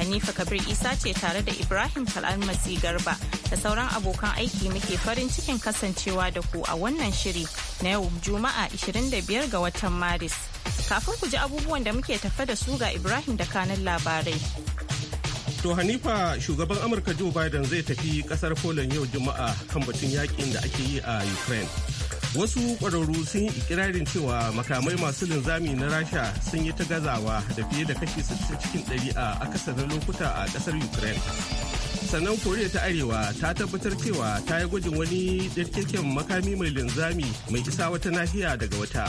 Hanifa Kabir Isa ce tare da Ibrahim kalamasi Garba da sauran abokan aiki muke farin cikin kasancewa da ku a wannan shiri na yau Juma'a 25 ga watan Maris. Kafin ku ji abubuwan da muke tafe da su ga Ibrahim da kanan labarai. To Hanifa shugaban Amurka Joe Biden zai tafi kasar Poland yau Juma'a kan batun yakin da ake yi a Ukraine. wasu ƙwararru sun yi ikirarin cewa makamai masu linzami na rasha sun yi ta gazawa da fiye da kashi 60 cikin 100 a akasarin lokuta a ƙasar ukraine sannan koriya ta arewa ta tabbatar cewa ta yi gwajin wani ɗarkeken makami mai linzami mai isa wata nahiya daga wata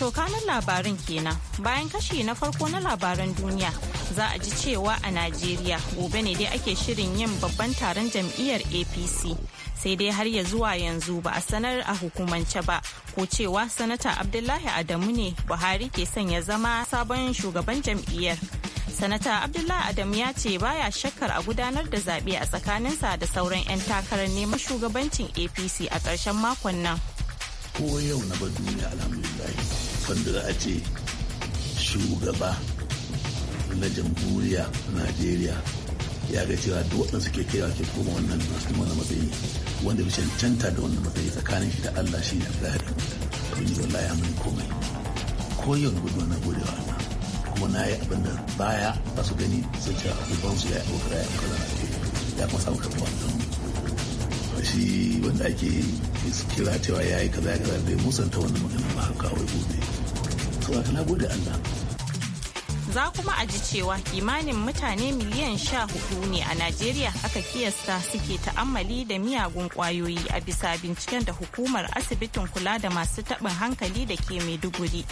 to kanan labarin kenan bayan kashi na farko na labaran duniya za a ji cewa a najeriya gobe ne dai ake shirin yin babban taron jam'iyyar apc sai dai har ya zuwa yanzu ba a sanar a hukumance ba ko cewa sanata abdullahi adamu ne buhari ke son ya zama sabon shugaban jam'iyyar sanata abdullahi adamu ya ce baya shakkar a gudanar da zaɓe a tsakaninsa da sauran 'yan takarar neman shugabancin apc a ƙarshen makon nan ko yau na ba duniya alhamdulillah wanda za a ce shugaba na jamhuriya najeriya ya ga cewa duk waɗanda suke kaiwa ke koma wannan masu wani matsayi wanda bai cancanta da wannan matsayi tsakanin shi da allah shi ne zahiri to ni wallahi ya muni komai ko yau na gudu na gode wa allah kuma na yi abin da baya ba su gani sun ce su ya yi abokara ya ke. ya kuma samu karɓuwa shi wanda ake kira cewa ya yi kaza ya kaza bai musanta wannan magana ba wai gobe to haka na gode allah za kuma a ji cewa kimanin mutane miliyan sha hudu ne a najeriya aka kiyasta suke ta'ammali da miyagun kwayoyi a bisa binciken da hukumar asibitin kula da masu taɓin hankali da ke maiduguri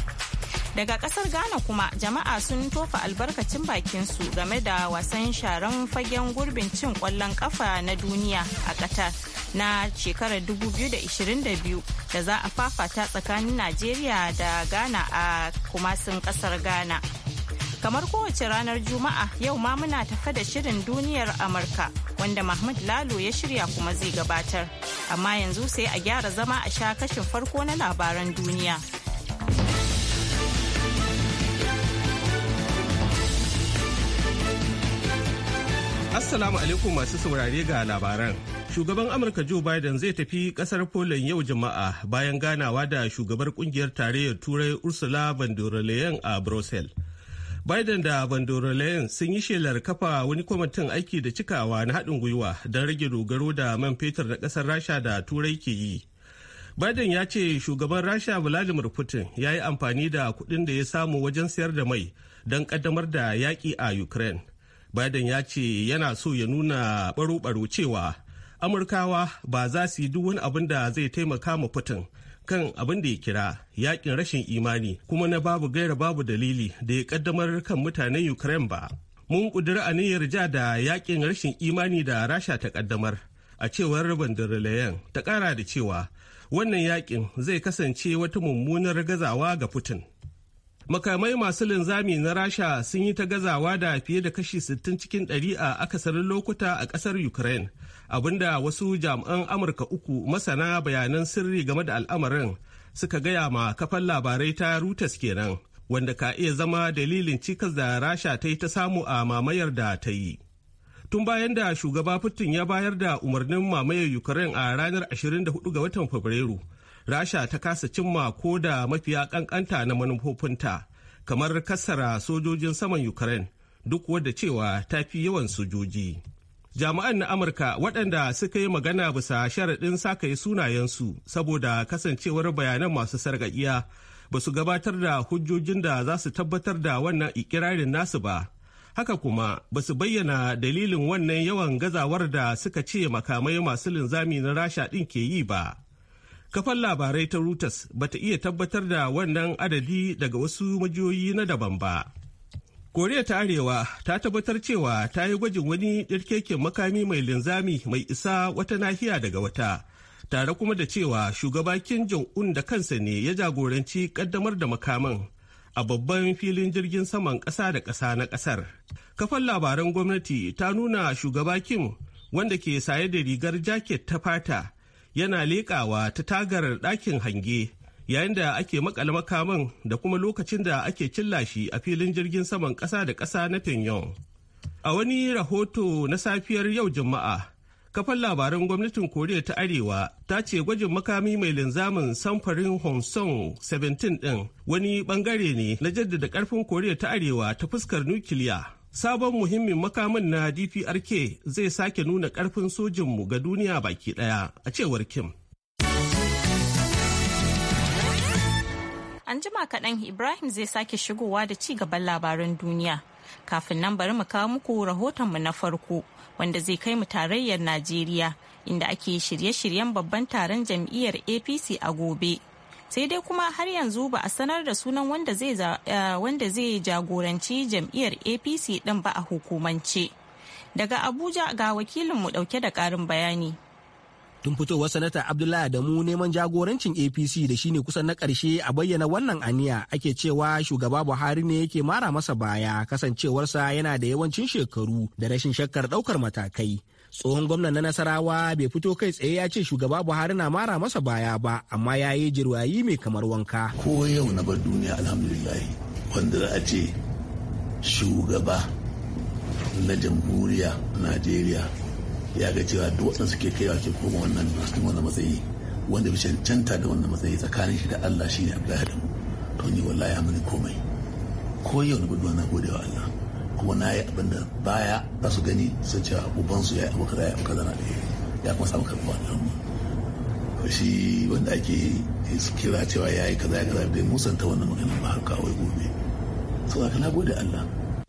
daga kasar ghana kuma jama'a sun tofa albarkacin bakin su game da wasan sharan fagen gurbin cin kwallon kafa na duniya a qatar na shekarar 2022 da za a fafata tsakanin najeriya da ghana a kumasin kasar ghana Kamar kowace ranar Juma'a yau ma muna tafa da shirin duniyar Amurka wanda Mahmud Lalo ya shirya kuma zai gabatar. Amma yanzu sai a gyara zama a sha kashin farko na labaran duniya. Assalamu alaikum masu saurare ga labaran. Shugaban Amurka Joe Biden zai tafi kasar Poland yau Juma'a bayan ganawa da shugabar kungiyar tarayyar Turai Ursula von der Leyen a Brussels. Biden da Bandorolen sun yi shelar kafa wani kwamitin aiki da cikawa na haɗin gwiwa don rage dogaro da man fetur na ƙasar Rasha da Turai ke yi. Biden ya ce shugaban Rasha Vladimir Putin ya yi amfani da kuɗin da ya samu wajen sayar da mai don ƙaddamar da yaƙi a Ukraine. Biden ya ce yana so ya nuna baro-baro cewa Amurkawa ba za su yi duk wani abin da zai taimaka ma Putin. kan abin da ya kira yakin rashin imani kuma na babu gaira babu dalili da ya kaddamar kan mutanen Ukraine ba. Mun ƙudiri aniyar ja da yakin rashin imani da Rasha ta kaddamar a cewar dalilayen ta ƙara da cewa wannan yakin zai kasance wata mummunar gazawa ga Putin. makamai masu linzami na rasha sun yi ta gazawa da fiye da kashi 60 cikin ɗari a akasarin lokuta a kasar ukraine abinda wasu jami'an amurka uku masana bayanan sirri game da al'amarin suka gaya ma kafan labarai ta rutas kenan wanda ka iya zama dalilin cikas da rasha ta yi ta samu a mamayar da ta yi tun bayan da shugaba putin ya bayar da umarnin mamayar ukraine a ranar 24 ga watan fabrairu rasha ta kasa cimma ko da mafiya kankanta na manufofinta kamar kasara sojojin saman ukraine duk wadda cewa ta fi yawan sojoji jami'an na amurka waɗanda suka yi magana bisa sharaɗin sakaye sunayensu saboda kasancewar bayanan masu sargaɗiya ba su gabatar da hujjojin da za su tabbatar da wannan ikirarin nasu ba haka kuma ba su bayyana dalilin wannan yawan gazawar da suka ce makamai masu linzami na rasha ɗin ke yi ba kafar labarai ta reuters ta iya tabbatar da wannan adadi daga wasu majiyoyi na daban ba koriya ta arewa ta tabbatar cewa ta yi gwajin wani ɗirkekin makami mai linzami mai isa wata nahiya daga wata tare kuma da cewa shugaba kim jong-un da kansa ne ya jagoranci ƙaddamar da makaman a babban filin jirgin saman ƙasa da ƙasa na ƙasar kafar labaran gwamnati ta nuna shugaba kim wanda ke saye da rigar jaket ta fata yana leƙawa ta tagar ɗakin hange yayin da ake makale makaman da kuma lokacin da ake cilla shi a filin jirgin saman ƙasa da ƙasa na Pyongyang. A wani rahoto na safiyar yau Juma'a, kafar labaran gwamnatin Koriya ta Arewa ta ce gwajin makami mai linzamin samfarin Song 17 ɗin wani bangare ne na jaddada ƙarfin Koriya ta Arewa ta fuskar nukiliya. sabon muhimmin makamin na dprk zai sake nuna karfin sojinmu ga duniya baki daya a cewar kim an jima kaɗan ibrahim zai sake shigowa da ci gaban labaran duniya kafin nan bari mu kawo muku rahotonmu na farko wanda zai kai mu tarayyar najeriya inda ake shirye-shiryen babban taron jam'iyyar apc a gobe sai dai kuma har yanzu ba a sanar da sunan wanda zai eh, jagoranci jam'iyyar apc ɗin ba a hukumance daga abuja ga wakilinmu ɗauke da ƙarin bayani tun fitowar sanata abdullahi adamu neman jagorancin apc da shine kusan na ƙarshe a bayyana wannan aniya ake cewa shugaba buhari ne yake mara masa baya kasancewarsa yana da yawancin shekaru da rashin shakkar daukar matakai tsohon gwamnan na nasarawa bai fito kai tsaye ya ce shugaba buhari na mara masa baya ba amma ya yi jirwayi mai kamar wanka ko yau na bar duniya alhamdulillah wanda za a ce shugaba na jamhuriya najeriya ya ga cewa duk wasan suke kai ke koma wannan cikin wannan matsayi wanda bi cancanta da wannan matsayi tsakanin shi da allah shine abdullahi adamu to ni wallahi ya komai ko yau na bar duniya na gode wa allah kuma na yi abin da baya za su gani sun ce ubansu ya yi abu kaza ya abu kaza na ya kuma samu wani da ba shi wanda ake kira cewa ya yi kaza ya kaza bai musanta wannan maganin ba har kawai gobe so haka na gode Allah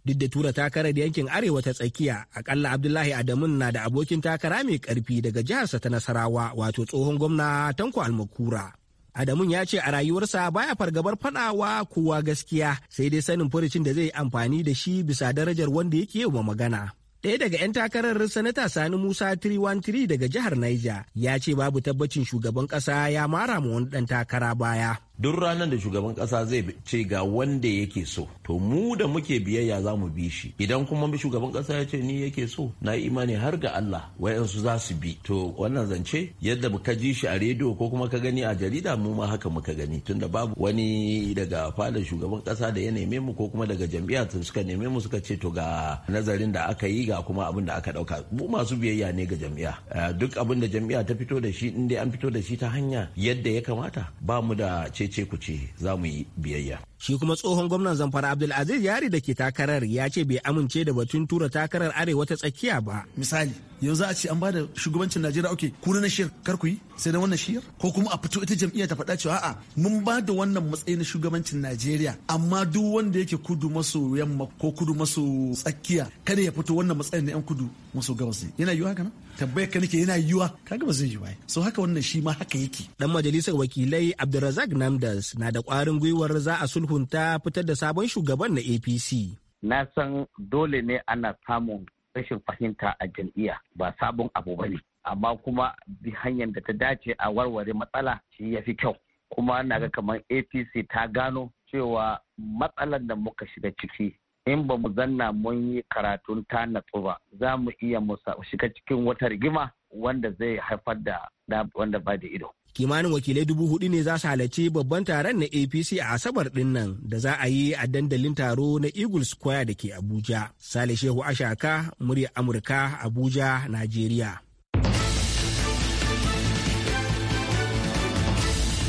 duk da tura takarar yankin arewa ta tsakiya akalla abdullahi adamun na da abokin takara mai karfi daga jiharsa ta nasarawa wato tsohon gwamna tanko almakura Adamun ya ce a rayuwarsa baya fargabar fadawa kowa gaskiya sai dai sanin furucin da zai amfani da shi bisa darajar wanda yake yi magana. Ɗaya daga 'yan takarar Sanata Sani Musa 313 daga jihar Niger ya ce babu tabbacin shugaban ƙasa ya mara ma wani ɗan takara baya. duk ranar da shugaban kasa zai ce ga wanda yake so to mu da muke biyayya za mu bi shi idan kuma shugaban kasa ya ce ni yake so na imani har ga Allah wayansu za su bi to wannan zance yadda ka ji shi a rediyo ko kuma ka gani a jarida mu ma haka muka gani tunda babu wani daga fadar shugaban kasa da ya neme mu ko kuma daga jam'iyya suka neme mu suka ce to ga nazarin da aka yi ga kuma abin da aka dauka mu masu biyayya ne ga jami'a eh, duk abin da jami'a ta fito da shi inda an fito da shi ta hanya yadda ya kamata ba mu da ce ce ku ce za mu yi biyayya Shi kuma tsohon gwamnan zamfara Abdulaziz Yari da ke takarar ya ce bai amince da batun tura takarar arewa ta tsakiya ba. Misali, yau za a ce an bada shugabancin Najeriya okay kuna na shiyar kar ku yi sai da wannan shiyar ko kuma a fito ita jam'iyya ta faɗa cewa a'a mun ba da wannan matsayi na shugabancin Najeriya amma duk wanda yake kudu maso yamma ko kudu maso tsakiya kada ya fito wannan matsayin na yan kudu maso gabas ne yana yiwuwa kana tabbayar ka nake yana yiwuwa kaga ba zai yiwu so haka wannan shi ma haka yake dan majalisar wakilai Abdulrazak Namdas na da kwarin gwiwar za a sulhu sulhun ta fitar da sabon shugaban na apc na san dole ne ana samun rashin fahimta a jam'iyya ba sabon abu ba ne amma kuma bi hanyar da ta dace a warware matsala shi ya fi kyau kuma na ga kamar apc ta gano cewa matsalar da muka shiga ciki in ba mu zanna mun yi karatun ta natsu ba za mu iya mu shiga cikin wata rigima wanda zai haifar da wanda ba da ido kimanin wakilai dubu hudu ne za su halarci babban taron na apc a asabar din nan da za a yi a dandalin taro na eagle square da ke abuja sale shehu ashaka murya amurka abuja nigeria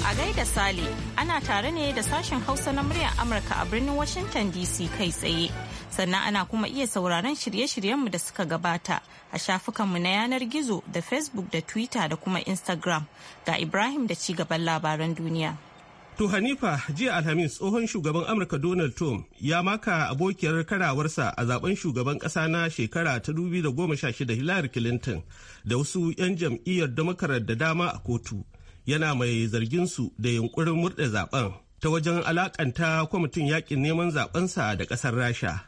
a gaida sale ana tare ne da sashen hausa na muryar amurka a birnin washington dc kai tsaye sannan ana kuma iya sauraron shirye-shiryenmu da suka gabata a shafukanmu na yanar gizo da facebook da twitter da kuma instagram ga ibrahim da ci gaban labaran duniya to hanifa jiya alhamis tsohon shugaban amurka donald trump ya maka abokiyar karawarsa a zaben shugaban kasa na shekara ta sha shida hillary clinton da wasu 'yan jam'iyyar democrat da dama a kotu yana mai zargin su da yunkurin murda zaben ta wajen alakanta kwamitin yakin neman zabensa da kasar rasha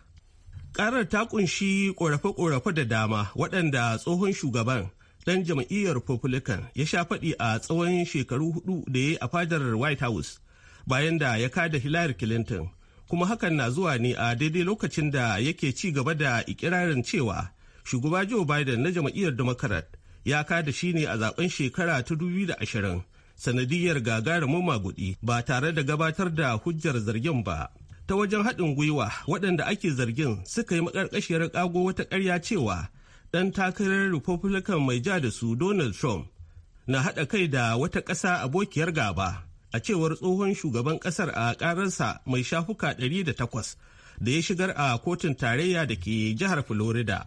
Karar ta kunshi korafe-korafe da dama waɗanda tsohon shugaban ɗan jam'iyyar Republican ya sha faɗi a tsawon shekaru hudu da ya a fadar White House bayan da ya kada Hillary Clinton. Kuma hakan na zuwa ne a daidai lokacin da yake ci gaba da ikirarin cewa shugaba Joe Biden na jam'iyyar Democrat ya kada shi ne a zaben shekara ta 2020 sanadiyar gagarumin magudi ba tare da gabatar da hujjar zargin ba. ta wajen haɗin gwiwa waɗanda ake zargin suka yi maƙarƙashiyar ƙago wata ƙarya cewa ɗan takarar republican mai ja da su donald trump na haɗa kai da wata ƙasa abokiyar gaba a cewar tsohon shugaban ƙasar a ƙararsa mai shafuka 108 da ya shigar a kotun tarayya da ke jihar florida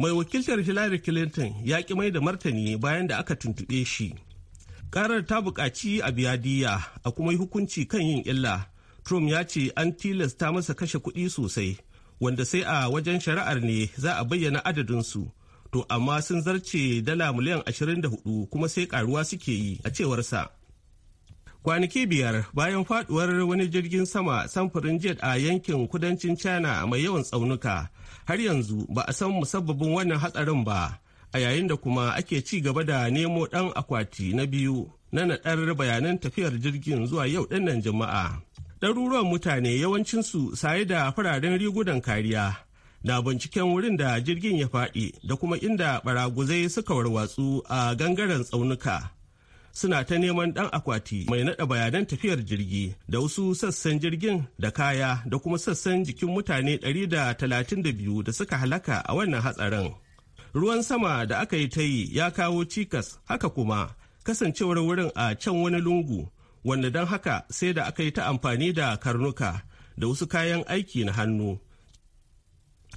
mai wakiltar hillary clinton ya ƙi mai da martani bayan da aka tuntuɓe shi ƙarar ta buƙaci a biya a kuma yi hukunci kan yin illa Trump ya ce an tilasta masa kashe kuɗi sosai, wanda sai a wajen shari'ar ne za a bayyana su To amma sun zarce dala miliyan 24 kuma sai karuwa suke yi a cewar sa. Kwanaki biyar bayan faduwar wani jirgin sama samfurin jet a yankin kudancin China mai yawan tsaunuka, har yanzu ba a san musabbabin wannan hatsarin ba, a yayin da kuma ake ci gaba da nemo ɗan akwati na biyu na naɗar bayanan tafiyar jirgin zuwa yau ɗinnan jama'a. ɗaruruwan mutane yawancinsu saye da fararen rigunan kariya na binciken wurin da jirgin ya faɗi da kuma inda baraguzai suka warwatsu a gangaren tsaunuka suna ta neman ɗan akwati mai naɗa bayanan tafiyar jirgi da wasu sassan jirgin da kaya da kuma sassan jikin mutane 132 da suka halaka a wannan hatsarin ruwan sama da aka yi ta yi ya kawo cikas haka kuma kasancewar wurin a can wani lungu wanda don haka sai da aka yi ta amfani da karnuka da wasu kayan aiki na hannu.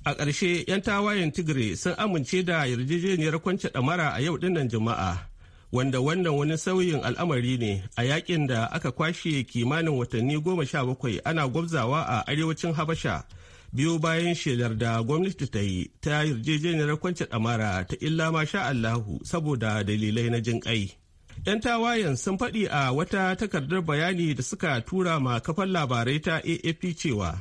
A ƙarshe 'yan tawayen Tigray sun amince da yarjejeniyar kwance ɗamara a yau ɗinnan jama'a, wanda wannan wani sauyin al'amari ne a yakin da aka kwashe kimanin watanni goma sha bakwai ana gwabzawa a arewacin Habasha. Biyo bayan shelar da gwamnati ta yi ta yarjejeniyar kwance ɗamara ta illa masha Allahu saboda dalilai na jinƙai. 'yan tawayen sun faɗi a wata takardar bayani da suka tura ma kafan labarai ta afp cewa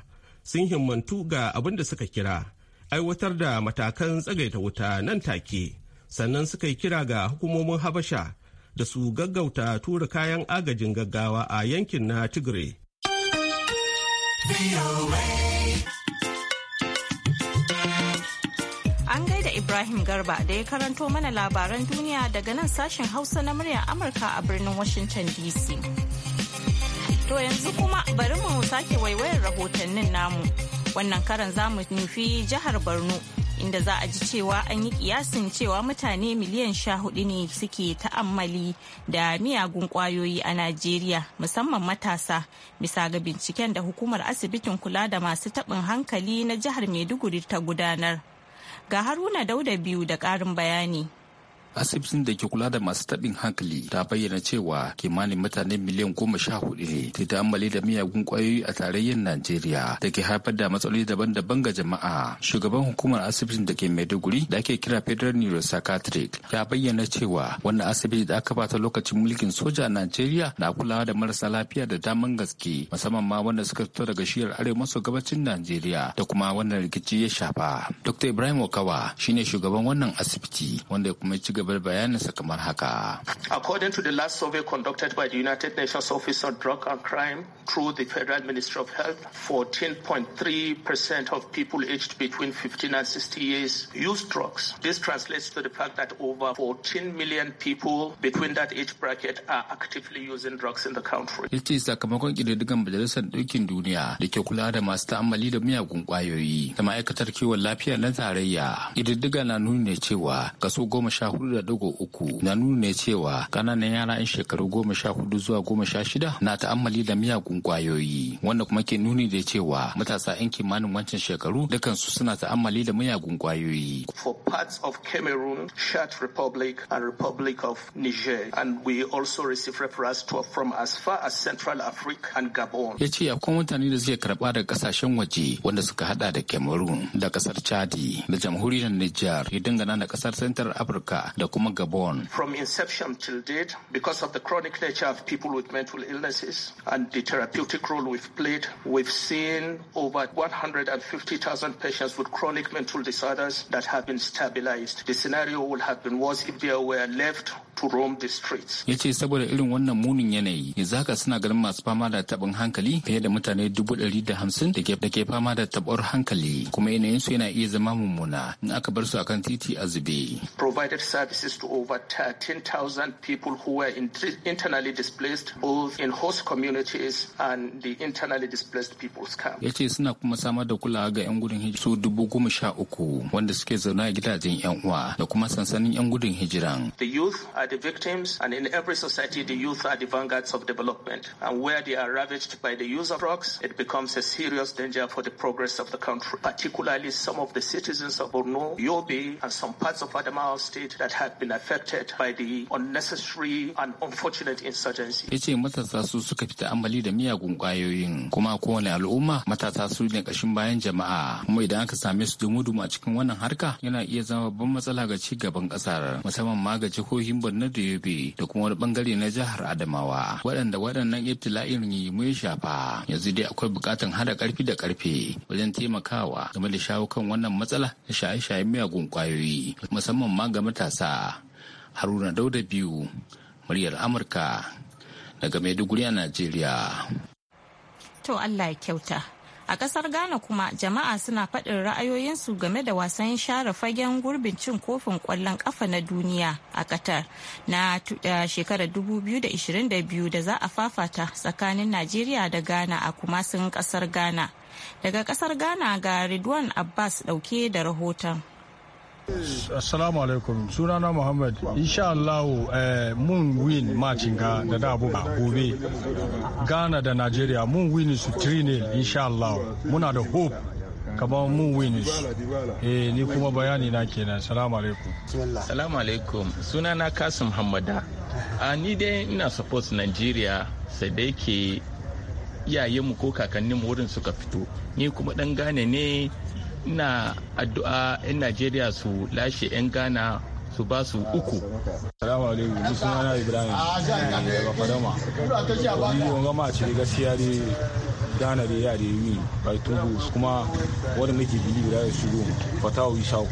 sun himmantu ga abin da suka kira aiwatar da matakan tsagaita wuta nan take sannan suka yi kira ga hukumomin habasha da su gaggauta tura kayan agajin gaggawa a yankin na tigray Ibrahim Garba da ya karanto mana labaran duniya daga nan sashen Hausa na muryar Amurka a birnin Washington DC. To yanzu kuma bari mu sake waiwayar rahotannin namu. Wannan karan za mu nufi jihar Borno inda za a ji cewa an yi kiyasin cewa mutane miliyan sha hudu ne suke ta'ammali da miyagun kwayoyi a Najeriya musamman matasa bisa ga binciken da hukumar asibitin kula da masu taɓin hankali na jihar Maiduguri ta gudanar. Ga Haruna Dauda biyu da ƙarin bayani. asibitin da ke kula da masu taɓin hankali ta bayyana cewa kimanin mutane miliyan goma sha hudu ne Ta ta'ammali da miyagun ƙwayoyi a tarayyar najeriya da ke haifar da matsaloli daban-daban ga jama'a shugaban hukumar asibitin da ke maiduguri da ake kira federal neuropsychiatric ya bayyana cewa wannan asibiti da aka bata lokacin mulkin soja a najeriya na kulawa da marasa lafiya da daman gaske musamman ma wanda suka fito daga shiyar arewa maso gabacin najeriya da kuma wannan rikici ya shafa dr ibrahim okawa shine shugaban wannan asibiti wanda ya kuma ci gaba da bayaninsa kamar haka. According to the last survey conducted by the United Nations Office on Drug and Crime through the Federal Ministry of Health, 14.3% of people aged between 15 and 60 years use drugs. This translates to the fact that over 14 million people between that age bracket are actively using drugs in the country. Yace sakamakon ƙididdigan Majalisar Ɗinkin Duniya da ke kula da masu ta'ammali da miyagun ƙwayoyi da ma'aikatar kiwon lafiya na tarayya. Ƙididdiga na nuni ne cewa kaso goma sha hudu da na nuna ne cewa ƙananan yara 'yan shekaru goma sha hudu zuwa goma sha shida na ta'ammali da miyagun kwayoyi wanda kuma ke nuni da cewa matasa 'yan kimanin wancan shekaru dukansu suna ta'ammali da miyagun kwayoyi For parts of Cameroon, Chad Republic and Republic of Niger and we also receive referrals to from as far as Central Africa and Gabon. Ya ce akwai mutane da suke karɓa daga kasashen waje wanda suka hada da Cameroon da kasar Chadi da jamhuriyar Niger ya dangana da kasar Central Africa da kuma Gabon. From inception till date, because of the chronic nature of people with mental illnesses and the therapeutic role we've played, we've seen over 150,000 patients with chronic mental disorders that have been stabilized. The scenario would have been worse if they were left to roam the streets. Ya ce saboda irin wannan munin yanayi, yanzu haka suna ganin masu fama da tabin hankali fiye da mutane dubu ɗari da hamsin da ke fama da tabar hankali kuma yanayinsu yana iya zama mummuna in aka bar su akan titi a zube. Provided service services to over 13,000 people who were in internally displaced, both in host communities and the internally displaced people's camp. Ya ce suna kuma samar da kulawa ga 'yan gudun hijira su dubu goma sha uku wanda suke a gidajen 'yan uwa da kuma sansanin 'yan gudun hijiran. The youth are the victims and in every society the youth are the vanguards of development and where they are ravaged by the use of drugs it becomes a serious danger for the progress of the country particularly some of the citizens of Borno, Yobe and some parts of Adamawa state that had been affected by the unnecessary and unfortunate insurgency. Ya ce matasa su suka fita amali da miyagun kwayoyin kuma kowane al'umma matasa su ne kashin bayan jama'a kuma idan aka same su dumu a cikin wannan harka yana iya zama babban matsala ga ci gaban kasar musamman ma ga jihohin Borno da Yobe da kuma wani bangare na jihar Adamawa waɗanda waɗannan ibtila'in mu ya shafa yanzu dai akwai buƙatan hada karfi da karfe wajen taimakawa game da shawo kan wannan matsala da shaye-shayen miyagun kwayoyi musamman ma ga matasa Haruna Dauda biyu muryar Amurka daga Maiduguri a Najeriya. To Allah ya kyauta. A kasar Ghana kuma jama'a suna faɗin ra'ayoyinsu game da wasan share fagen gurbin cin kofin ƙwallon ƙafa na duniya a Qatar na eh, shekarar 2022 da za a fafata tsakanin Najeriya da Ghana a kumasin kasar Ghana. Daga kasar Ghana ga Ridwan Abbas ɗauke da rahoton. Assalamu alaikum sunana Muhammad insha Allah eh, mun win match ga da da abubuwa gobe Ghana da Nigeria mun win su 3-0 insha Allah muna da hope kamar mun win su eh ni kuma bayani na kenan assalamu alaikum assalamu alaikum sunana Kasim Hammada a ah, ni dai ina support Nigeria sai da yake iyayenmu ko kakanninmu wurin suka fito ni kuma dan Ghana ne ina addu'a 'yan najeriya su lashe 'yan ghana su ba su uku. Salamu alaikum, ni suna na Ibrahim daga Fadama. Ni wanga ma ce gaskiya dai Ghana dai ya dai mi by two kuma wanda nake bili da ya shigo Fatawu Ishaku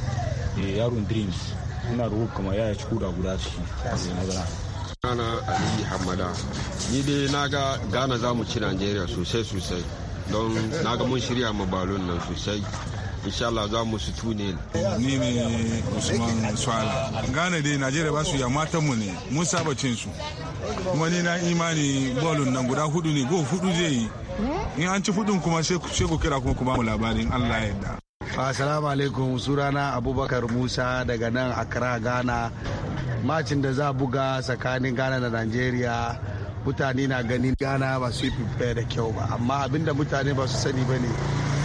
yaron Dreams. Ina wuka kama ya ci da guda ciki a gana. Ghana Ali Hamada. Ni dai na ga Ghana za mu ci Najeriya sosai sosai. Don na ga mun shirya ma balon nan sosai. insha Allah za mu su tune ni ne Usman Swala gane dai Najeriya ba su ya matan mu ne mun saba cin su kuma ni na imani bolun nan guda hudu ne go hudu zai yi in an ci hudun kuma sai ku kira kuma kuma mu labarin Allah ya yarda Assalamu alaikum surana Abubakar Musa daga nan Accra Ghana macin da za buga tsakanin Ghana da Najeriya mutane na ganin Ghana ba su yi da kyau ba amma abinda mutane ba su sani ba ne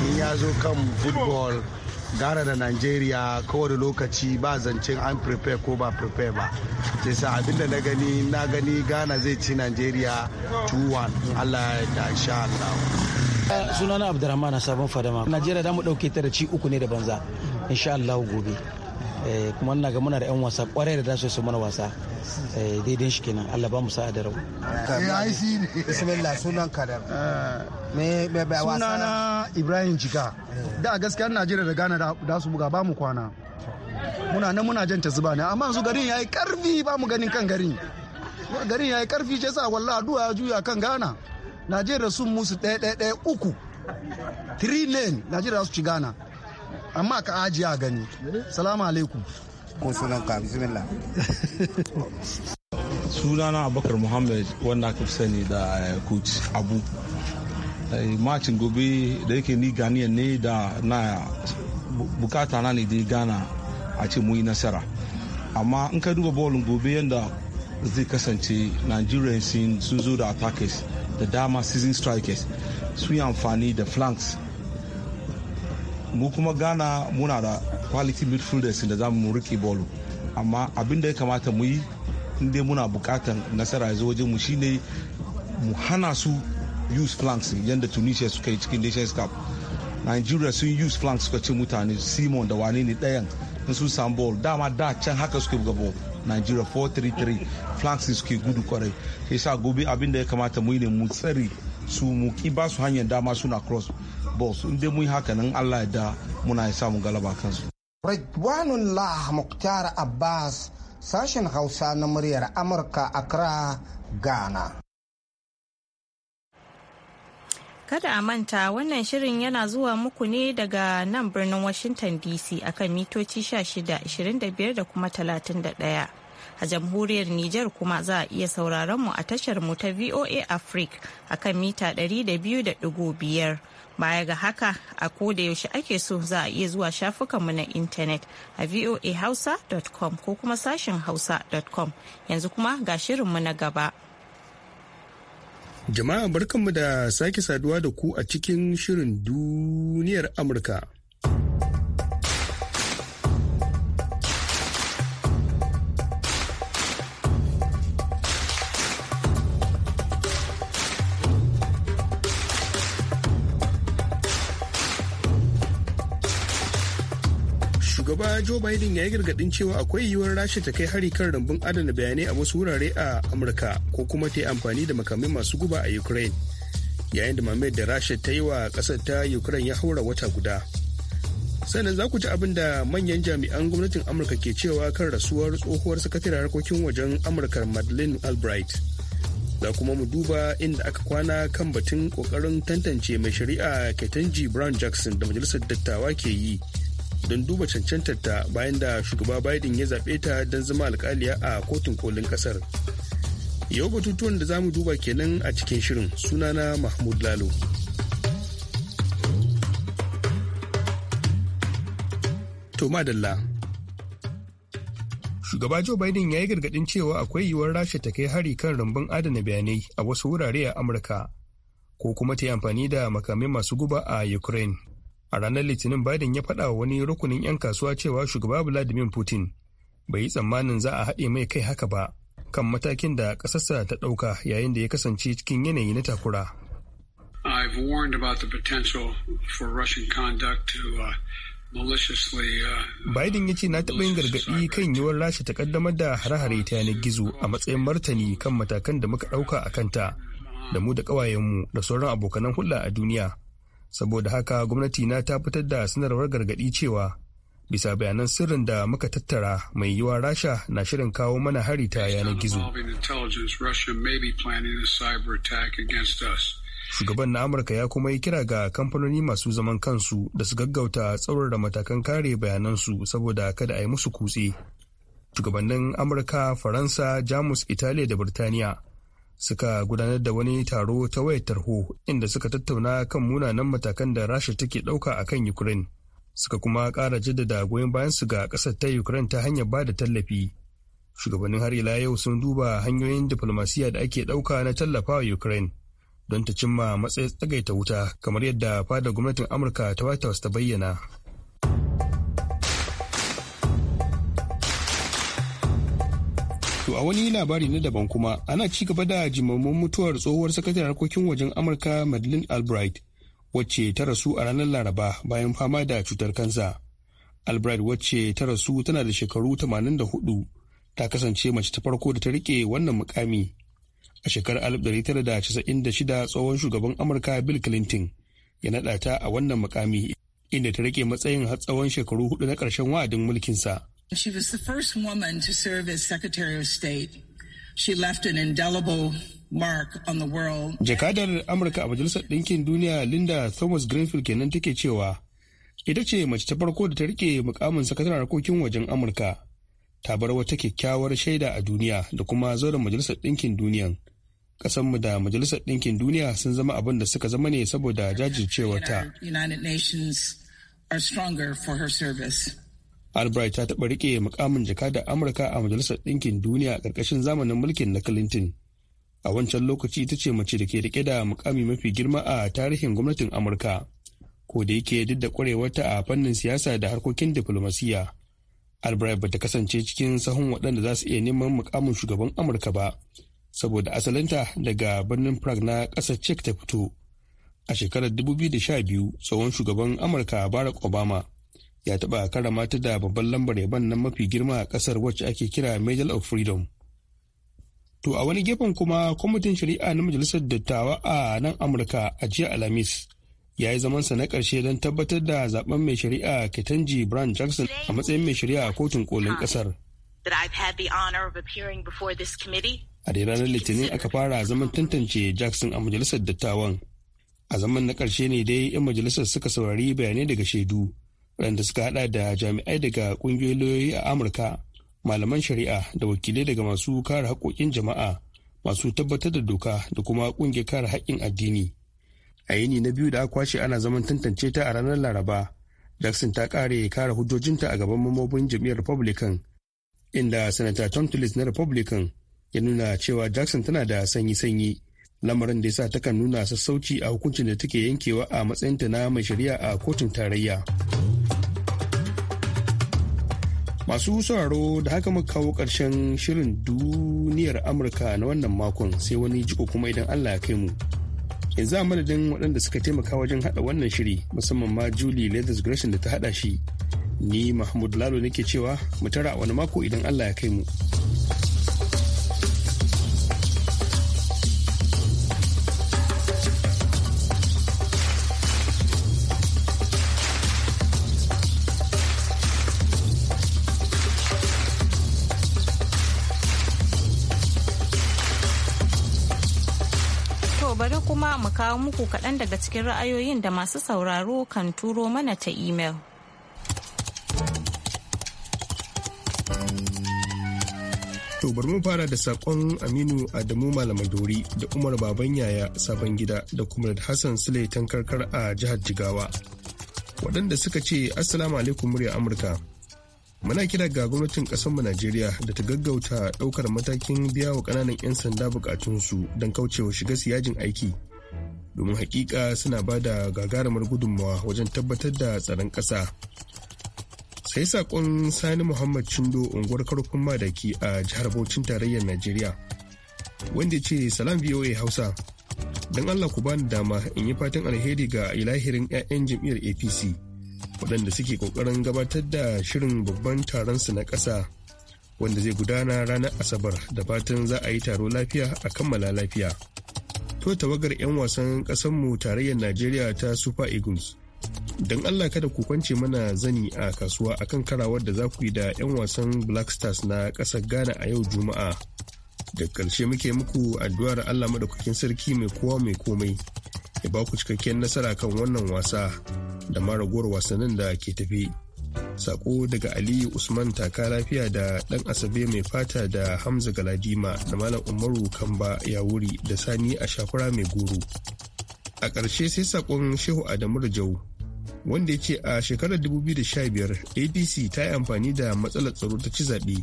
in ya zo kan football gara da nigeria kowane lokaci ba zancen an prepare ko ba prepare ba ke sa abinda na gani na gani ghana zai ci nigeria 2-1 allah da sha allah eh, sunana abdurrahman sabon fadama nigeria da mu dauke ta da ci uku ne da banza insha allah gobe Eh, kuma ina ga muna da 'yan wasa kwarai da su mana wasa eh, daidai shi kenan Allah ba mu sa'a da rabu Bismillah sunan kadar. Eh. Sunana Ibrahim Jiga Da a gaskiyar Najeriya da Ghana da su buga ba mu kwana. Muna nan muna jan ta zuba ne amma su garin yayi karfi ba mu ganin kan garin. Garin yayi karfi ce sa wallahi duwa juya kan Ghana. Najeriya sun musu ɗaya ɗaya ɗaya uku. Three lane Najeriya su ci Ghana. amma ka ajiya gani salamu alaikum kun sunan ka bismillah sunana abubakar muhammad wanda aka fi sani da eh, coach abu eh, macin gobe da yake ni ganiyar ne da na bukata na ne dai gana a ce muyi nasara amma in ka duba bolin gobe yadda zai kasance nigerians sun zo da attackers da dama season strikers sun yi amfani da flanks mu kuma ghana muna da quality midfielders da za mu rike bolu amma abin da ya kamata mu yi inda muna bukatan nasara ya zo wajen mu shine mu hana su use flanks yadda tunisia suka yi cikin nations cup nigeria sun use flanks suka ce mutane simon da wane ne dayan in sun samu ball dama da can haka suke buga ball nigeria 4-3-3 flanks suke gudu kwarai sai sa gobe abin da ya kamata mu yi ne mu tsari su mu ki ba su hanyar dama suna cross boss in dai mun haka nan Allah ya da muna samu galaba kansu Ridwanullah Muktar Abbas sashen Hausa na muryar Amurka Accra Ghana Kada a manta wannan shirin yana zuwa muku ne daga nan birnin Washington DC akan mitoci 16, 25 da kuma 31. a jamhuriyar Nijar kuma za a iya sauraron mu a tashar mu ta VOA Africa akan mita 200.5. baya ga haka a koda yaushe ake so za a iya zuwa shafukanmu na intanet a voahausa.com ko kuma sashen hausa.com yanzu kuma ga shirinmu na gaba jama'a barkanmu da sake saduwa da ku a cikin shirin duniyar amurka joe biden ya yi gargadin cewa akwai yiwuwar rasha ta kai hari kan rambun adana bayanai a wasu wurare a amurka ko kuma ta yi amfani da makamai masu guba a ukraine yayin da mamayar da rasha ta yi wa ƙasar ta ukraine ya haura wata guda sannan za ku ji abin da manyan jami'an gwamnatin amurka ke cewa kan rasuwar tsohuwar sakataren harkokin wajen amurka madeleine albright za kuma mu duba inda aka kwana kan batun kokarin tantance mai shari'a ketanji brown jackson da majalisar dattawa ke yi don duba cancantar ta bayan da shugaba biden ya zaɓe ta don zama alkaliya a kotun kolin ƙasar yau batutuwan da za mu duba kenan a cikin shirin sunana mahmud lalo madalla shugaba joe biden ya yi gargadin cewa akwai yiwuwar rasha ta kai hari kan rumbun adana bayanai a wasu wurare a amurka ko kuma ta yi amfani da makamai masu guba a ukraine a ranar litinin biden ya faɗa wa wani rukunin 'yan kasuwa cewa shugaba vladimir putin bai yi tsammanin za a haɗe mai kai haka ba kan matakin da ƙasarsa ta ɗauka yayin da ya kasance cikin yanayi na takura uh, uh, Biden ya ce na taɓa yin gargaɗi kan yiwuwar Rasha ta ƙaddamar da hare-hare ta yanar gizo a matsayin martani kan matakan da muka ɗauka a kanta da mu da ƙawayenmu da sauran abokanan hulɗa a duniya saboda haka gwamnati na ta fitar da sanarwar gargaɗi cewa bisa bayanan sirrin da muka tattara mai yiwa rasha na shirin kawo mana hari ta yanar gizo shugaban na amurka ya kuma yi kira ga kamfanoni masu zaman kansu da su gaggauta tsaurara matakan kare bayanansu saboda kada a yi musu kutse shugabannin amurka faransa jamus italiya da birtaniya suka gudanar da wani taro ta wayar tarho inda suka tattauna kan munanan matakan da rasha take ɗauka a kan ukraine suka kuma ƙara jaddada goyon bayansu ga ƙasar ta ukraine ta hanyar ba da tallafi shugabannin har ila yau sun duba hanyoyin diflomasiya da ake ɗauka na tallafa wa ukraine don ta cimma matsayin tsagaita wuta kamar yadda fada gwamnatin amurka ta white house ta bayyana a wani labari na daban kuma ana ci gaba da jimamman mutuwar tsohuwar sakataren harkokin wajen Amurka Madeleine Albright wacce ta rasu a ranar Laraba bayan fama da cutar kansa. Albright wacce ta rasu tana da shekaru 84 ta kasance mace ta farko da ta rike wannan mukami. A shekarar 1996 tsohon shugaban Amurka Bill Clinton ya naɗata ta a wannan mukami inda ta rike matsayin har tsawon shekaru hudu na ƙarshen wa'adin mulkinsa. She was the first woman to serve as Secretary of State. She left an indelible mark on the world. Jakadar Amurka a Majalisar Ɗinkin Duniya Linda Thomas Greenfield kenan take cewa ita ce mace ta farko da ta rike mukamin sakataren harkokin wajen Amurka. Ta bar wata kyakkyawar shaida a duniya da kuma zauren Majalisar Ɗinkin Duniyan. kasanmu da Majalisar Ɗinkin Duniya sun zama abin da suka zama ne saboda jajircewarta. United Nations are stronger for her service. albright ta taɓa riƙe mukamin jakada amurka a majalisar ɗinkin duniya a ƙarƙashin zamanin mulkin na clinton a wancan lokaci ita ce mace da ke rike da mukami mafi girma a tarihin gwamnatin amurka ko da yake duk da ƙwarewarta a fannin siyasa da harkokin diflomasiyya albright bata kasance cikin sahun waɗanda za su iya neman mukamin shugaban amurka ba saboda asalinta daga birnin prague na ƙasar czech ta fito a shekarar 2012 tsohon shugaban amurka barack obama ya taɓa karama ta da babban lambar yaban nan mafi girma a ƙasar wacce ake kira Medal of Freedom. To a wani gefen kuma kwamitin shari'a na majalisar dattawa a nan Amurka a jiya Alhamis ya yi zamansa na ƙarshe don tabbatar da zaben mai shari'a Ketanji Brown Jackson a matsayin mai shari'a a kotun kolin ƙasar. A dai ranar Litinin aka fara zaman tantance Jackson a majalisar dattawan. A zaman na ƙarshe ne dai 'yan majalisar suka saurari bayanai daga shaidu. waɗanda suka hada da jami'ai daga ƙungiyoyin lauyoyi a amurka malaman shari'a da wakilai daga masu kare haƙoƙin jama'a masu tabbatar da doka da kuma ƙungiyar kare haƙƙin addini a yini na biyu da aka kwashe ana zaman tantance ta a ranar laraba jackson ta kare kare hujjojinta a gaban mamobin jam'iyyar republican inda senator tom tillis na republican ya nuna cewa jackson tana da sanyi-sanyi lamarin da ya sa takan nuna sassauci a hukuncin da take yankewa a matsayinta na mai shari'a a kotun tarayya. Masu sauraro da haka muka kawo ƙarshen shirin duniyar Amurka na wannan makon sai wani jiko kuma idan Allah ya kai mu. Yanzu a madadin waɗanda suka taimaka wajen haɗa wannan shiri musamman ma Julie Leathers Gresham da ta haɗa shi. Ni Mahmud Lalo nake cewa mu tara wani mako idan Allah ya kai mu. bari kuma mu kawo muku kaɗan daga cikin ra'ayoyin da masu sauraro kan turo mana ta imel. To bari mu fara da saƙon Aminu Adamu Malamadori da Umar Baban Yaya Sabon Gida da kuma Hassan Sule Tankarkar a jihar Jigawa. Waɗanda suka ce Assalamu alaikum murya Amurka. muna kira ga gwamnatin ƙasarmu najeriya da ta gaggauta ɗaukar matakin biya wa ƙananan 'yan sanda su don kaucewa shiga siyajin aiki domin haƙiƙa suna ba da gagarumar gudunmawa wajen tabbatar da tsaron ƙasa sai saƙon sani muhammad chindo unguwar karfin madaki a jihar Bauchin tarayyar najeriya wanda ce salam voa hausa don allah ku bani dama in yi fatan alheri ga ilahirin 'ya'yan jam'iyyar apc waɗanda suke ƙoƙarin gabatar da shirin babban taronsu na ƙasa wanda zai gudana ranar asabar da fatan za a yi taro lafiya a kammala lafiya to tawagar 'yan wasan ƙasanmu tarayyar najeriya ta super eagles don allah kada ku kwance mana zani a kasuwa akan karawar da za ku yi da 'yan wasan black stars na ƙasar ghana a yau juma'a da ƙarshe muke muku addu'ar allah madaukakin sarki mai kowa mai komai ya ba ku cikakkiyar nasara kan wannan wasa da mara goro wasannin da ke tafi sako daga aliyu usman taka lafiya da dan asabe mai fata da hamza galadima da malam umaru kamba ya wuri da sani a shafura mai goro a ƙarshe sai sakon shehu adamu rajau wanda ya ce a shekarar 2015 abc ta yi amfani da matsalar tsaro ta ci zaɓe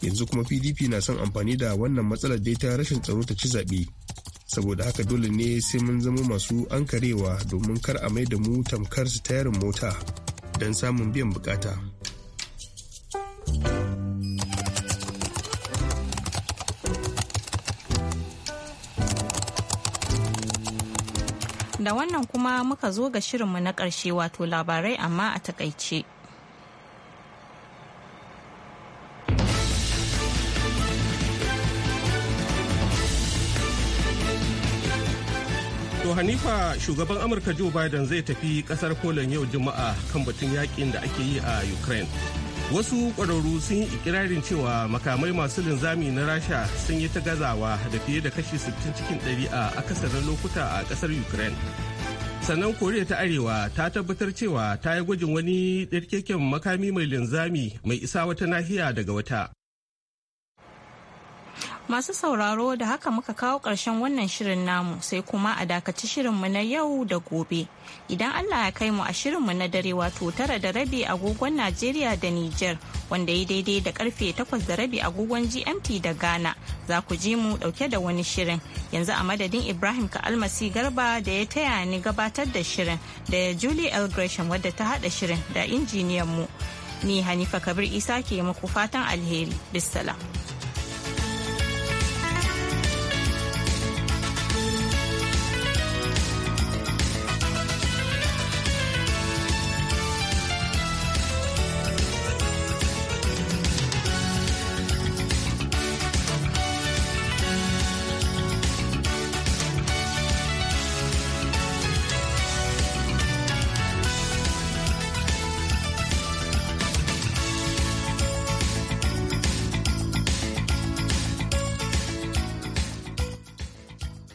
yanzu kuma pdp na son amfani da wannan matsalar dai ta rashin tsaro ta ci zaɓe saboda haka dole ne sai mun zama masu ankarewa domin kar a mai da mu tamkar su tayarin mota don samun biyan bukata. Da wannan kuma muka zo ga shirinmu na ƙarshe wato labarai amma a takaice. Khalifa shugaban Amurka Joe Biden zai tafi kasar Poland yau Juma'a kan batun yakin da ake yi a Ukraine. Wasu ƙwararru sun yi ikirarin cewa makamai masu linzami na Rasha sun yi ta gazawa da fiye da kashi 60 cikin 100 a akasarin lokuta a kasar Ukraine. Sannan Koriya ta Arewa ta tabbatar cewa ta yi gwajin wani ɗarkeken makami mai linzami mai isa wata nahiya daga wata. Masu sauraro da haka muka kawo ƙarshen wannan shirin namu sai kuma a dakaci shirinmu na yau da gobe. Idan Allah ya kai mu a shirinmu na dare wato tara da rabi agogon Najeriya da Nijar wanda ya daidai da karfe takwas da rabi agogon GMT da Ghana za ku ji mu ɗauke da wani shirin. Yanzu a madadin Ibrahim Ka'almasi Garba da ya taya ni gabatar da shirin da Julie L. Gresham wadda ta haɗa shirin da injiniyan mu. Ni Hanifa Kabir Isa ke muku fatan alheri. Bissalam.